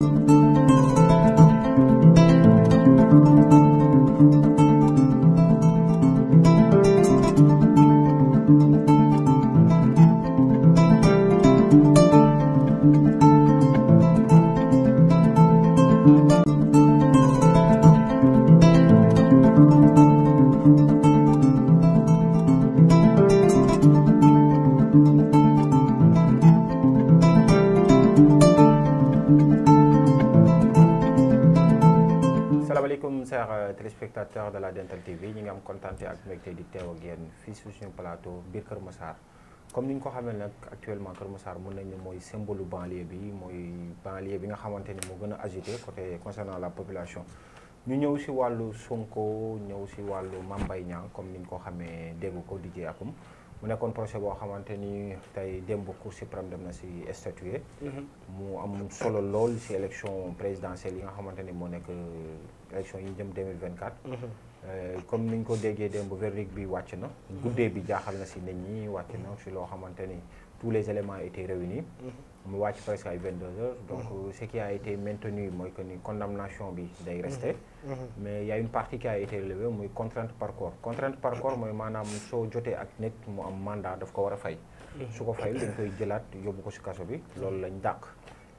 thank you ñu am kontaan ak ni ko xamee nag actuellement Kër Massar mën nañ ne mooy symbole banlieue bi mooy banlieue bi nga xamante ni moo gën a agité côté concernant la population. ñu ñëw si wàllu Sonko ñëw si wàllu Mame Mbaye Niang comme ni ñu ko xamee dégg ko DJ Akum mu nekkoon procès boo xamante ni tey démb Cour suprême dem na si statuer mm-hmm. mu am solo lool si élection yi nga xamante ni moo nekk élection yi jëm 2024. Euh, comme niñ ko déggee démb verdict bi wàcc na. Mm-hmm. goudé bi jaaxal na ci nit ñi wàcc na ci lo xamante tous les éléments étaient réunis. Mm-hmm. mu wàcc presque ay 22 heures. donc mm-hmm. ce qui a été maintenu moy que ni condamnation bi day rester. mais il y a une partie qui a été levée moy contrainte par corps contrainte par corps moy manam so joté ak nit mu am mandat daf ko wara fay. su ko fayul dañ koy jëlaat yóbbu ko ci kaso bi loolu lañ dàq.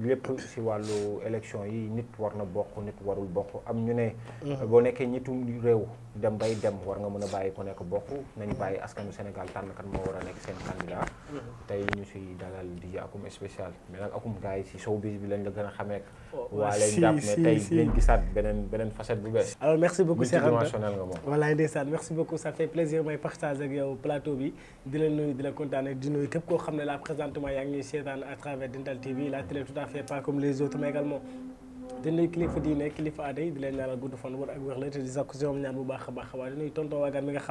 lépp si wàllu élection yi nit war na bokk nit warul bokk am ñu ne. Mm-hmm. boo nekkee ñitum réew dem bay dem war nga mën a bàyyi ku nekk bokk nañ mm-hmm. bàyyi askanu Sénégal tànn kan moo war a nekk seen candidat. Mm-hmm. tey ñu si dalal di akum spécial mais akum gars yi si showbiz bi lañ la gën a xamee. Oh, waa leen jàpp ne tey dinañ gisaat beneen beneen bu bees. alors merci beaucoup Cheikh Anta nga moom. voilà ndeysaan merci beaucoup ça fait plaisir may partage ak yow plateau bi di la tout à fait pas comme les autres mais également des kilifa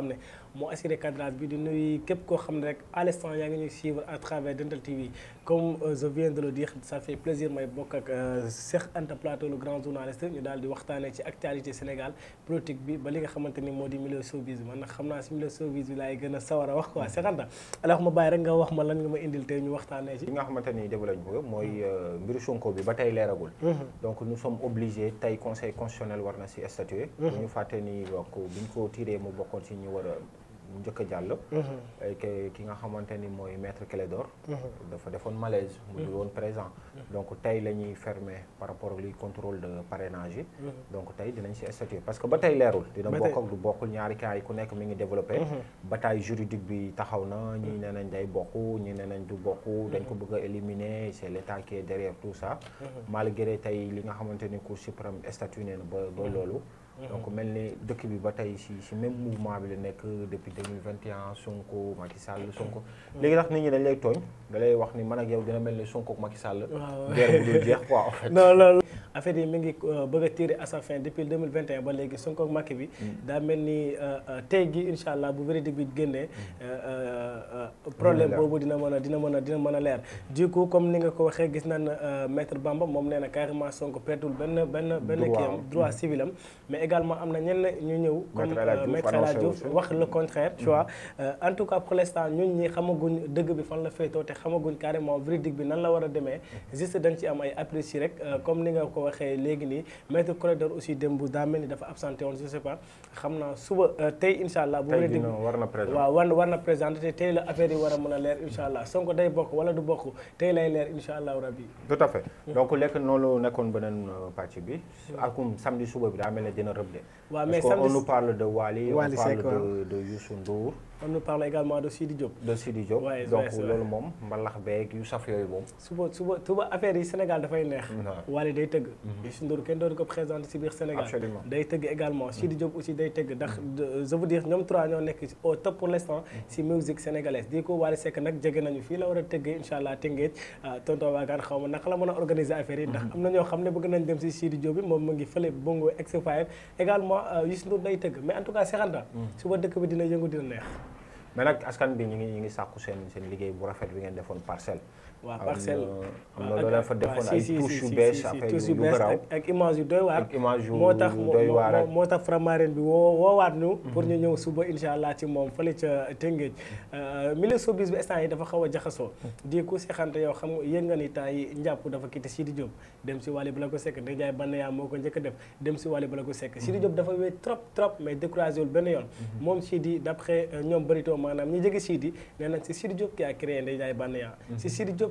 la moo assuré cadrage bi di nuyu képp koo xam ne rek à l'instant yaa ngi ñuy suivre à travers Dental TV comme je viens de le dire ça fait plaisir may bokk ak Cheikh Anta Plateau le grand journaliste ñu daal di waxtaanee ci actualité Sénégal politique bi ba li nga xamante ni moo di milieu showbiz bi man nag xam naa si milieu showbiz bi laay gën a sawar a wax quoi Cheikh Anta alors ma bàyyi rek nga wax ma lan nga ma indil tey ñu waxtaanee ci. li nga xamante ni développement mooy mbiru Sonko bi ba tey leeragul. donc nous sommes obligés tey conseil constitutionnel war na si statuer. bu ñu fàtte ni donc bu ñu ko tiré mu bokkoon si ñu war a. mu njëkk a jàll. Mhm. ki nga xamante ni mooy maître Clédor. Mhm. dafa defoon malaise. mu mhm. dul woon présent. donc tey la ñuy fermer par rapport au contrôle de parrainage yi. donc tey dinañ si statuer parce que ba tey leerul. dina bokk ak du bokkul ñaari cas yi ku nekk mi ngi développé. bataille juridique bi taxaw na ñii nee nañ day bokk ñii nee du bokk. dañ ko bëgg éliminer c' est qui est derrière tout ça. malgré tey li nga xamante ni cour suprême statué na ba ba loolu. Mm-hmm. donc on dëkk bi même mouvement depuis 2021 Sonko Macky Sall Sonko. Mm-hmm. léegi tax nit ñi dañ lay da lay wax ni man ak yow dina en fait affaire yi mi ngi euh, bëgg a à sa fin depuis 2021 ba léegi Sonko ak bi mm. daa mel ni euh, euh, tey gi incha allah bu véridique bi génnee mm. problème boobu dina mën a dina mën a dina mën a leer du coup comme ni nga ko waxee gis naan maître Bamba moom nee na carrément Sonko perdul benn benn benn kii am droit mm. civil am mais également am na ñenn ñu ñëw comme maître la Diouf wax le contraire tu vois en tout cas pour l'instant ñun ñi xamaguñ dëgg bi fan la féetoo te xamaguñ carrément véridique bi nan la war a demee juste dañ ci am ay apprécié rek comme ni nga ko ko waxee léegi nii maître correcteur aussi dem bu daa mel ni dafa absenté woon je sais xam naa suba euh, tey incha allah. bu war na war na présenté tey la affaire yi war a mën a leer incha allah Sonko day bokk wala du bokk tey lay leer incha allah rabi. tout à donc lekk noonu nekkoon beneen euh, pàcc bi. akum samedi suba bi daa mel ne dina rëble. waaw mais samedi parce qu'on nous parle de Wally. Wally Seck on nous parle de de Youssou Ndour. on nous parle également de Sidi Diop. de Sidi Diop donc loolu moom mbalax beeg yu saf yooyu moom. suba suba suba yi Sénégal dafay neex. Wally day tëgg. Mhm. Youssou Ndour kenn doon ko présenté ci biir Sénégal. absolument day tëgg également mhm. Sidi Diop aussi day tëgg ndax mhm. je veux dire ñoom trois jege nañu fii la war a tëggee incha allah tëngeej ah, tonton Wagan xaw naka la mën a organiser affaire yi. ndax am na ñoo xam ne bëgg nañ dem ci Sidi Diop bi moom mu ngi fële Bongo X5 également ah, Youssou Ndour mais en tout cas Seexanta bi dina yëngu dina mais nag askan bi ñu ngi ñu ngi sàkku seen seen liggéey bu rafet bi ngeen defoon parcelle waaw parcelle am na loola fa defoon ay touche yu bees touche yu bees ak image yu doy waar moo tax moo tax Faramareen bi woo woowaat ñu mhm. pour ñu ñëw suba insha allah ci moom fële ca Tëngéej mhm. euh, milieu showbiz bi instant yi dafa xaw a jaxasoo mhm. di ku sexante yow xam nga yënga ni temps yi njàpp dafa kitti Sidi Diop dem si Wally Ballago Seck Ndeye Ndiaye Banaya moo ko njëkk a def dem si Wally Ballago Seck Sidi Diop dafa wéy trop trop mais découragé wul benn yoon moom Sidi d'après euh, ñoom bëritoo maanaam ñi jege Sidi nee nañ si Sidi Diop ki a créé Ndeye Ndiaye Banaya si Sidi Diop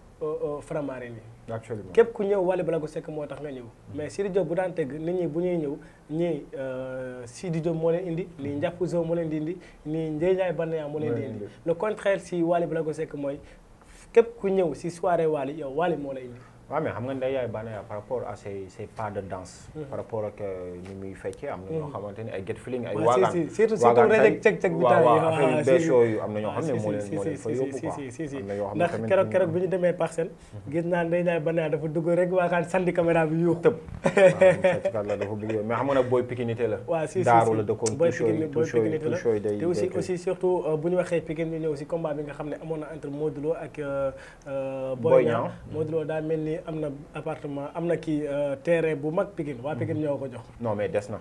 Euh, euh, Faramareen yi. absolument képp ku ñëw la ko sekk moo tax nga ñëw. Mm-hmm. mais Sidi Diop bu daan tëgg nit ñi bu ñuy ñëw ñii euh, Sidi Diop moo leen indi. nii mm-hmm. Ndiakhou Sow moo leen di indi nii Ndeye Ndiaye Banaya moo leen di indi. le contraire si la ko sekk mooy képp ku ñëw si soirée Wally yow Wally moo la indi. waaw mais xam nga Ndeye Yaay Banaya par rapport mm. euh, am na ñoo mm. xamante ni ay get ah, moo leen moo leen dafa dugg rek waagaan sandi caméra bi yuux tëb. waaw la dafa bëgg mais xam la. waaw si si si daaru la ñëw si combat bi nga xam ne amoon na entre Modou ak euh, euh, Boy Niang Modou daa mel ni am na appartement am na kii euh, terrain bu mag Pikine waa Pikine mhm. ñoo ko jox. non mais des na.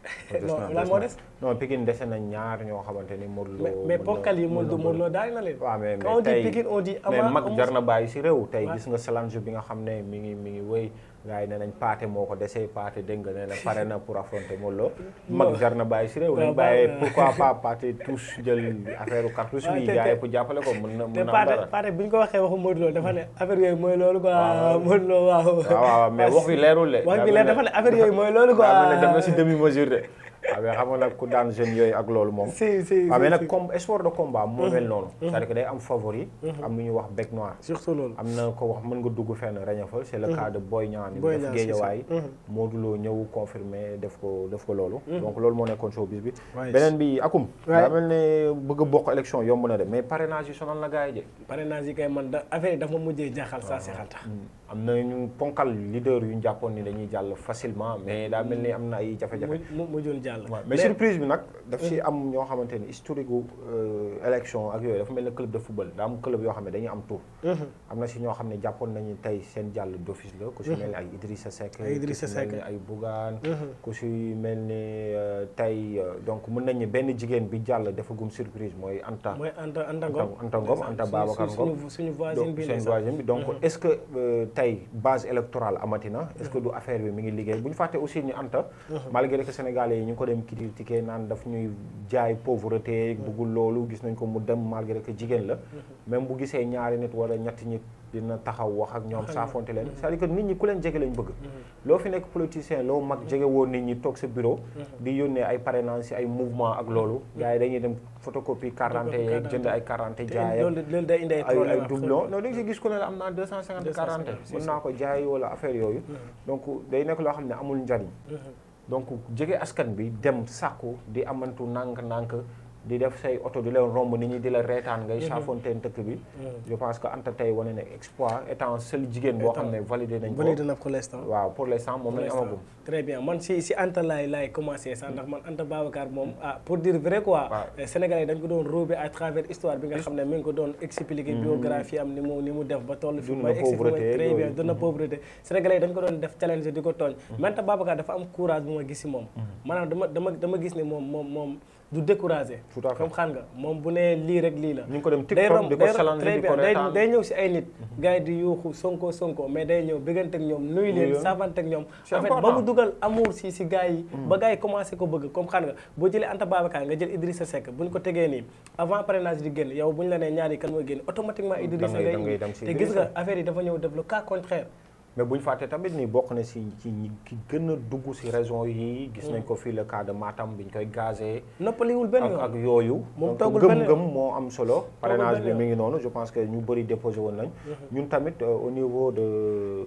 non lan moo des non Pikine dese na ñaar ñoo xamante ni Modou Lo. mais bokkal yi Modou Modou Lo daal na leen. waaw mais mais tey mais mag jar na bàyyi si réew. tey gis nga Solange bi nga xam ne mi ngi mi ngi wéy. gars yi ne nañ paate moo ko dese paate dégg nga ne la pare na pour affronter Modou mag jar na bàyyi si réew nañ bàyyi pourquoi pas paate tous jël affaire cartouche bi gars pour jàppale ko mën na mën na paate paate bu ñu ko waxee waxu Modou de wax bi dem na si demi mesure de waaw ah, mais xam nga nag ku daan jeunes yooyu ak loolu moom. si si waaw ah, mais nag comme sport de combat moo mel mhm. noonu. c'est-à-dire que day am favori. Mhm. am lu wax bec noir. surtout loolu amna na ko wax mën nga dugg fenn reña fa c'est le mhm. cas de Boy Niang. Boy Niang def géejawaay. Modou Lo confirmé def ko def ko loolu. donc loolu moo nekkoon showbiz bi. benen bi akum. daa mel ne bëgg a bokk élection yom na de mais parrainage yi la na gars parrainage yi kay man da affaire yi dafa mujjee jaaxal saa si xalta am na ñu ponkal leader yu ñu jàppoon ni dañuy jàll facilement mais daa mel amna am na ay jafe-jafe. jàll. mais surprise bi nag. daf ci mm. am ñoo xamante historique gu euh, élection ak yooyu dafa mel ne club de football daa am club yoo xam ne dañuy am tour mm-hmm. am na ci seen jàll d'office la. ku ni ay mm-hmm. Idrissa Seck. ay Idrissa mm-hmm. euh, euh, benn jigéen bi jàll defagum surprise mooy Anta. mooy Anta Anta Ngom Anta Ngom Anta Babacar Ngom suñu suñu voisine bi donc est que tey base électorale amati na. est-ce que du affaire bi mi ngi liggéey bu ñu fàtte aussi ñu Anta. malgré que yi ñu ko dem critiquer naan daf ñuy jaay pauvreté bëggul loolu gis nañ ko mu dem malgré que jigéen la même bu gisee ñaari nit wala ñetti nit dina taxaw wax ak ñoom saafonte leen c'est-à-dire nit ñi ku leen jege lañ bëgg loo fi nekk politicien loo mag jege woon nit ñi toog sa bureau di yónnee ay parrainage si ay mouvement ak loolu gars yi dañuy dem photocopie quarante yeeg jënd ay quarante jaay ay doublon non dañ si gis ku ne la am naa deux cent quarante mën ko jaay wala affaire yooyu mm-hmm. donc day loo xam ne amul njariñ mm-hmm. donc jege askan bi dem sàkku di amantu nank-nank di def say auto di leen romb ni ñi di la reetaan ngay mhm. saafonteen dëkk bi mhm. je pense que Anta tey wane na exploit étant seul jigéen boo xam ne validé nañ ko validé na pour l'instant waaw pour l'instant moom lañ amagum très bien man si si Anta laay laay commencé sax ndax man Anta Babacar moom mm. ah pour dire vrai quoi eh, Sénégalais dañ ko doon roubé à travers histoire bi nga xam ne mi ngi ko doon expliquer mm. biographie am ni mu ni mu def ba toll fi may pauvreté très bien dund na mm-hmm. pauvreté Sénégalais dañ ko doon def challenge di ko tooñ mm-hmm. mais Anta Babacar dafa am courage bu ma gis si moom mm-hmm. maanaam dama dama dama gis ne moom moom moom du découragé. tout à fait comme xam moom bu nee lii rek lii la. ñu ko dem TikTok di ko challenger di ko reetaan day ñëw si ay nit. Mhm. gars yi di yuuxu sonko sonko mais day ñëw bëggante ak ñoom nuyu leen savante ak ñoom. en fait ba mu dugal amour si si gars mhm. ba gars yi ko bëgg comme xam nga boo jëlee Anta Babacar nga jël Idrissa Seck bu ñu ko tegee nii avant parrainage di génn yow bu ñu la nee ñaari kan mooy génn automatiquement. Mhm. Idrissa ngay te gis nga affaire yi dafa ñëw def le cas contraire. mais bu ñu tamit ni bokk na ci ci ki gëna dugg ci raison yi gis nañ ko fi le cas de Matam bi koy gazé. noppaliwul benn yoon ak yoyu moom toogul benn gëm-gëm am solo. parrainage bi mi ngi noonu je pense que ñu bari déposé won lañ mhm. ñun tamit euh, au niveau de.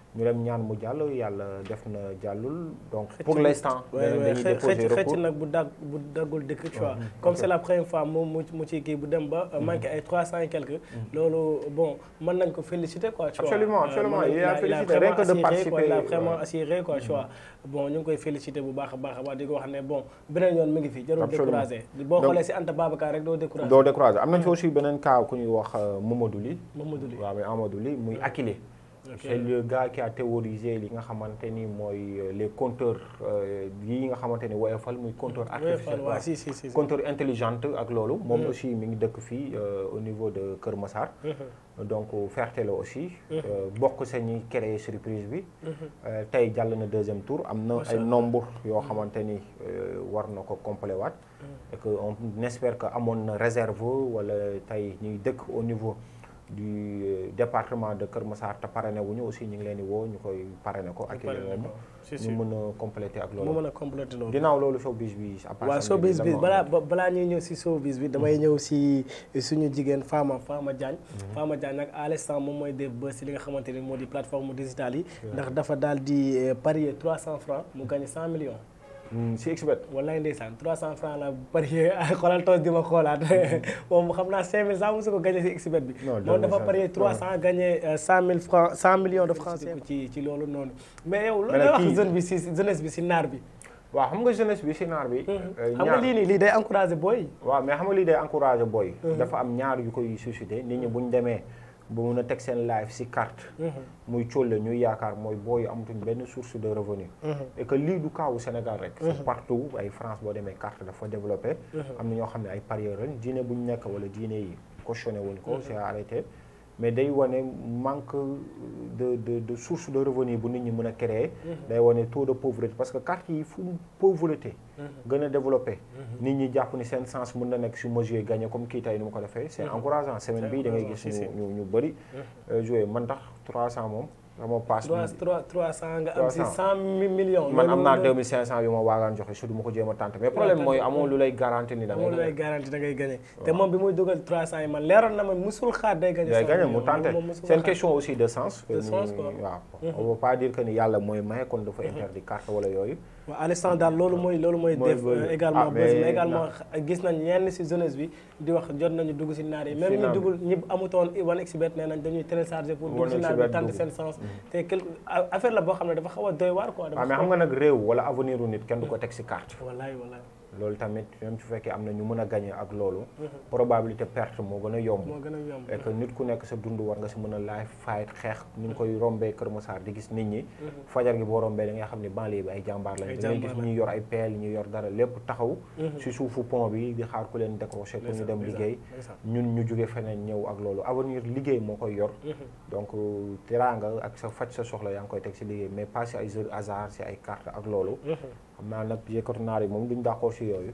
ñu dem ñaan mu jàll yalla def na jallul donc pour l'instant dañuy xëcc nak bu dag bu dagul dëkk tu vois mm-hmm. comme c'est la première fois mo mu ci ciy bu dem ba mm-hmm. manki ay 300 et quelque mm-hmm. lolu bon man nañ ko féliciter quoi tu vois absolument euh, absolument il a félicité rien que de participer il a vraiment assuré quoi tu vois bon ñu ngi koy féliciter bu baax a baax a di ko xamné bon benen yoon mi ngi fi jarul décourager bo xolé ci Anta Babacar rek do décourager do décourager amna nañ aussi benen cas ku ñuy wax euh, Mamadou Ly Mamadou Ly wa mais Amadou Ly muy Akile Okay. C'est le gars qui a théorisé li nga xamante ni mooy euh, les compteurs euh, yi nga xamante ni woyofal muy mm. compteur artificiel si si si compteur intelligente ak loolu moom mm. aussi mi ngi dëkk fii euh, au niveau de Kër Massar mm-hmm. donc Ferté la aussi mm-hmm. bokk sa ñuy créer surprise bi mm-hmm. tey jàll na deuxième tour am ay nombre yoo xamante ni war na mm. et que on espère que amoon na réserve wala tey ñuy dëkk au niveau du euh, département de Kër Massar te parrainé wu ñu aussi ñu ngi leen di woo ñu koy parrainé ko. ak yeneen moom ñu mën a complété ak loolu. mu mën a complété loolu ginnaaw loolu showbiz bi. waaw showbiz bi balaa balaa ñuy ñëw si showbiz bi damay hmm. ñëw si suñu jigéen Fama Fama Diagne. Hmm. Fama Diagne nag à l'instant moom mooy def bës si li nga xamante ni moo di plateforme digitale yi. ndax dafa daal di euh, parier 300 francs mu gagné cent million Mm, si expert wallaay ndeysaan 300 francs la parié xoolal toos di ma xoolaat mm-hmm. moom xam naa 5000 sax mosu ko gagné si expert bi moom dafa parié 300 gagné 100000 euh, francs 100 millions de francs ci loolu noonu mais yow looy wax jeune bi si naar bi waaw xam nga jeunesse bi si mm-hmm. euh, lii nii lii day encouragé booy waaw mais xam nga lii day encouragé booy mm-hmm. dafa am ñaar yu koy suscité nit buñ demee ba mun a teg seen live si carte. Mhm. muy colle ñuy yaakaar mooy booy amatuñ benn source de revenu. Mhm. et lii du kaawu Sénégal rek. Mhm. partout ay France boo demee carte dafa développé. am na ñoo xam ne ay parieurs diine bu nekk wala diine yi cautionné wuñ ko c'est arrêté. mais day wane manque de de de source de revenus bu nit ñi mëna a créer. Mhm. day wane taux de pauvreté parce que quartier yi fu pauvreté. Mhm. gëna développer mhm. nit ñi japp ni sen sens mëna nek nekk si ma joué comme ki tay ni ko defee. c'est encourageant semaine bi da ngay gis ñu ñu bari euh, jouer man tax 300 mom amoo paas bi trois trois cent nga am si cent millions. man am naa deux mille cinq cent yu ma waagaan joxe su du ma ko jéem a tànt mais problème mooy amoo lu lay garanti ni da ngay. amoo lu lay garanti da ngay gagné. te moom bi muy dugal trois cent yi man leeroon na ma musul xaar day gagné. day gagné mu tànte c'est une question aussi de sens. de sens euh, quoi waaw. Mhm. on veut pas dire que ni yàlla mooy may kon dafa mhm. interdit carte wala yooyu. waaw Alassane daal loolu mooy loolu mooy def euh, également ah, bés mais également gis nañ ñenn si jeunesse bi di wax jot nañu dugg si naar yi même ñu dugul ñi amutoon wan expert nee nañ dañuy télécharger pour dugg si naar bi tànt seen sens mhm. te quelque affaire la boo xam ne dafa xaw a doy waar quoi. Ah, dafa mais xam nga nag réew wala avenir u nit kenn du ko teg si carte. wallaay wallaay. loolu tamit même su fekkee am na ñu mën a gagné ak loolu. Mhm. probabilité perte moo gën a yomb. moo gën a yomb et nit ku nekk sa dund war nga si mën a laay faay xeex ni nga koy rombee Kër Massar di gis nit ñi. Mhm. fajar gi boo rombee da nga xam ne banlieue bi ay jàmbaar lañ. ay jàmbaar lañ gis ñu yor ay peel ñu yor dara lépp taxaw. Mhm. si suufu pont bi di xaar ku leen décroché. pour ñu dem liggéey ñun ñu jóge feneen ñëw ak loolu avenir liggéey moo koy yor. donc euh, teraanga ak sa faj sa soxla yaa ngi koy teg si liggéey mais pas si ay jeux hasard si ay carte ak loolu. xam naa nag yëkkatu naar yi moom duñ dàqoo si yooyu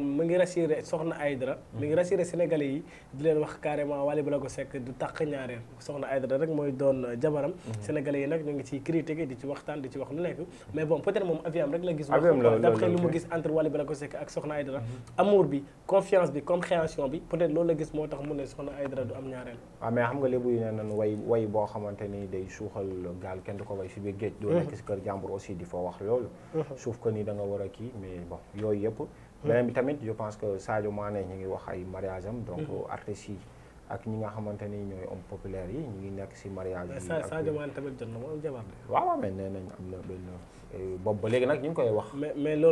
mom mi ngi rassurer soxna aydra mi ngi rassurer sénégalais yi di len wax carrément Wally blago Seck du tak ñaare soxna aydra rek moy doon jabaram sénégalais yi nak ñu ngi ci critiquer di ci waxtan di ci wax lu nek mais bon peut être moom aviam rek la gis d'après lu mu gis entre Wally blago Seck ak soxna aydra amour bi confiance bi compréhension bi peut être loolu la gis motax mu ne soxna aydra du am ñaareel ah mais xam nga lébu yu ne way way bo xamanteni day suxal gal ken du ko way si biir géej do nek ci kër jambour aussi di fo wax loolu sauf que ni da nga wara ki mais bon yoy yep mais bi tamit je pense que Sadio Mané ñu ngi wax ay mariage am donc mhm. artistes yi ak ñi nga xamante ni ñooy homme populaire yi ñu ngi nekk si mariage yi. Sadio Mané tamit jot na moom jabar waaw mais nee nañ am na benn. boobu ba léegi nag ñu ngi koy wax.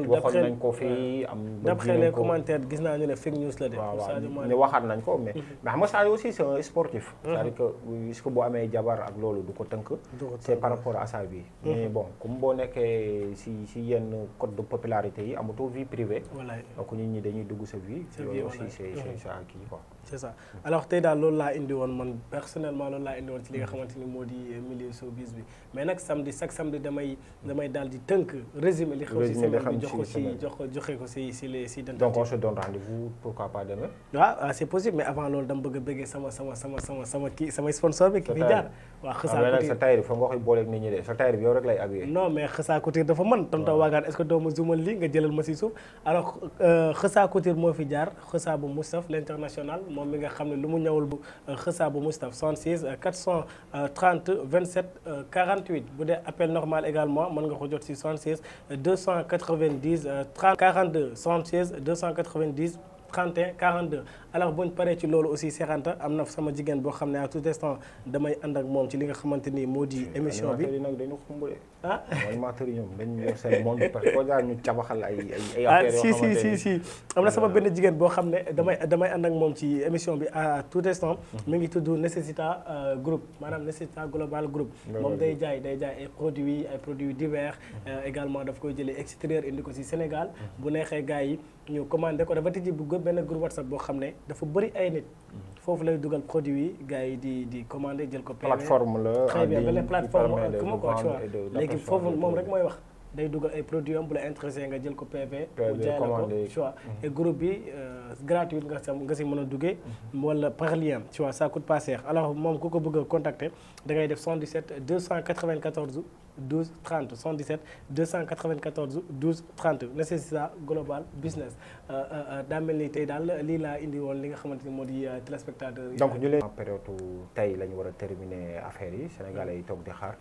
waxoon nañ ko fii euh, am. d'après les commentaires gis naa ñu ne fake news la de. waaw waaw ne waxaat nañ ko mais. Mhm. mais xam nga Sadio aussi sportif. Mhm. Mhm. si si yenn code de popularité yi amatoo vie privée. wallaay donc nit ñi dañuy dugg sa vie. sa vie aussi c'est c'est à kii alors tey daal loolu laa indi woon man personnellement loolu laa indi woon ci li nga moo di milieu showbiz bi mais nag samedi chaque samedi damay damay daal di tënk résumé li xew si semaine jox ko si jox les si donc on se donne rendez-vous pourquoi pas demain waaw ah, c'est possible mais avant loolu dam bëgg a sama sama sama sama sama kii samay sponsor bi ki fi jaar waaw xësaa ah, couture sa tailleur fa nga koy bolé nit ñi de sa tailleur bi yow rek lay habillé non mais xësaa couture dafa man tonto waagaan est-ce que doo ma zoomal lii nga jëlal ma si suuf alors xësaa euh, couture mo fi jaar xassa bu Moustapha l'international mom mi nga xamné ne lu mu ñëwul bu xësaa euh, bu Moustapha 76 430 27 48 bu dee appel normal également man nga ko ci 76 290 30 42 76 290 31 42 alors buñ paree ci loolu aussi Cheikh am na sama jigéen boo xam ne à tout instant damay ànd ak moom ci li nga xamante ni moo di émission bi nag dañu xumbule ah animateurs yi ñoom dañu ah, yor si si si am na sama euh, benn jigéen boo xam ne damay damay ànd moom ci émission bi à tout instant mm-hmm. mi ngi tudd Necessita euh, groupe maanaam Necessita global group moom day jaay day jaay ay produits ay produits divers mm-hmm. euh, également daf koy jëlee extérieur indi ko si Sénégal mm-hmm. bu neexee gars yi ñu commandé ko dafa tijji bu benn groupe WhatsApp boo xam ne dafa bëri ay nit. lay produit yi di commander jël ko. plateforme la très plateforme quoi tu vois rek wax. day ay produit la nga ko tu vois mhm. et groupe bi euh, gratuit nga si nga mhm. par lien tu vois ça coûte pas cher alors mom ko ko contacter da ngay def 77 294. 12 30 117, 294 12 30 nécessaire global business euh, euh, euh, daa mel ni tey daal lii laa indi wol li nga téléspectateur donc ñu les période tay la wara a terminer affaire yi sénégalais yi tok di xaar.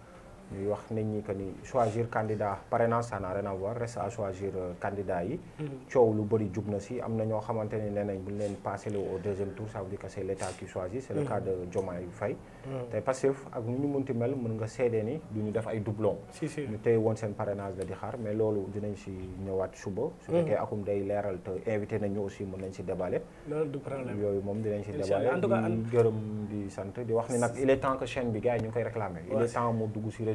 ñuy wax nit ñi que ni choisir candidat parrainage ça n'a rien à voir choisir euh, candidat yi. Mm-hmm. coow lu bëri jub si am na ñoo xamante ne nee nañ bu ñu leen passé le au deuxième tour ça veut dire que c' est l' état qui choisit. c' est le mm-hmm. cas de Diomaye Faye. Mm-hmm. tey Pastef ak nu ñu munti mel mën nga seedee ni du ñu def ay doublons. si si ñu téye woon seen parrainage la di xaar mais loolu dinañ si ñëwaat suba. su fekkee akum day leeral te invité nañ ñu aussi mën nañ si déballer. loolu yooyu moom dinañ si déballer. di gërëm di di wax ni nag il est temps que si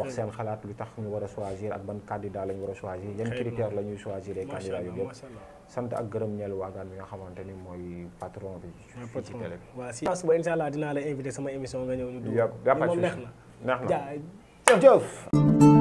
wax seen xalaat lu tax ñu war a choisir ak ban candidat lañ war a choisir yan critère la ñuy choisir ay candidat yu yëpp sant ak gërëm ñeel waagaan bi nga xamante mooy patron bi fii ci télé bi waaw si dinaa la invité sama émission nga ñëw ñu dugg moom neex na neex jëf